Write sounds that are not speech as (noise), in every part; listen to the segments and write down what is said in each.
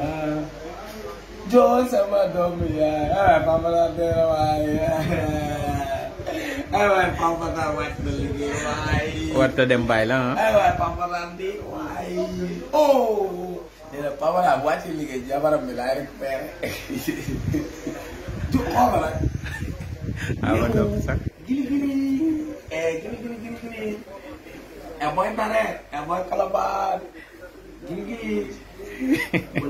sama John sama Domi ya. Eh, ah, tante ya. Eh, ah, pamer tawat beli wai. Waktu dempai lah. Eh, papa tante wai. Oh, ya papa lah buat sih lagi jabar milair per. Tuh lah Apa dong sak? Gini gini. Eh, gini gini gini gini. Eh, boy tarik. Eh, boy kalaban. Gini gini. (laughs)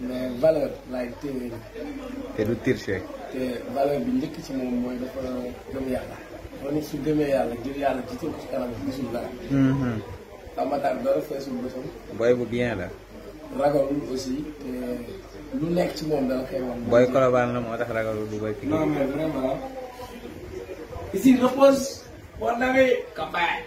mais valeur laay téye te du tirse te valeur bi njëkk ci moom mooy dafa gëm yàlla ma ne su demee yàlla jël yàlla jiital ko ci kanam gisul dara amataar dara feesul bëtam booy bu bien la ragalul aussi te lu nekk ci moom dala koy wax booy kolobaan la moo tax ragalul du booy Pikine non mais vraiment ici repose bon na ngay kabaay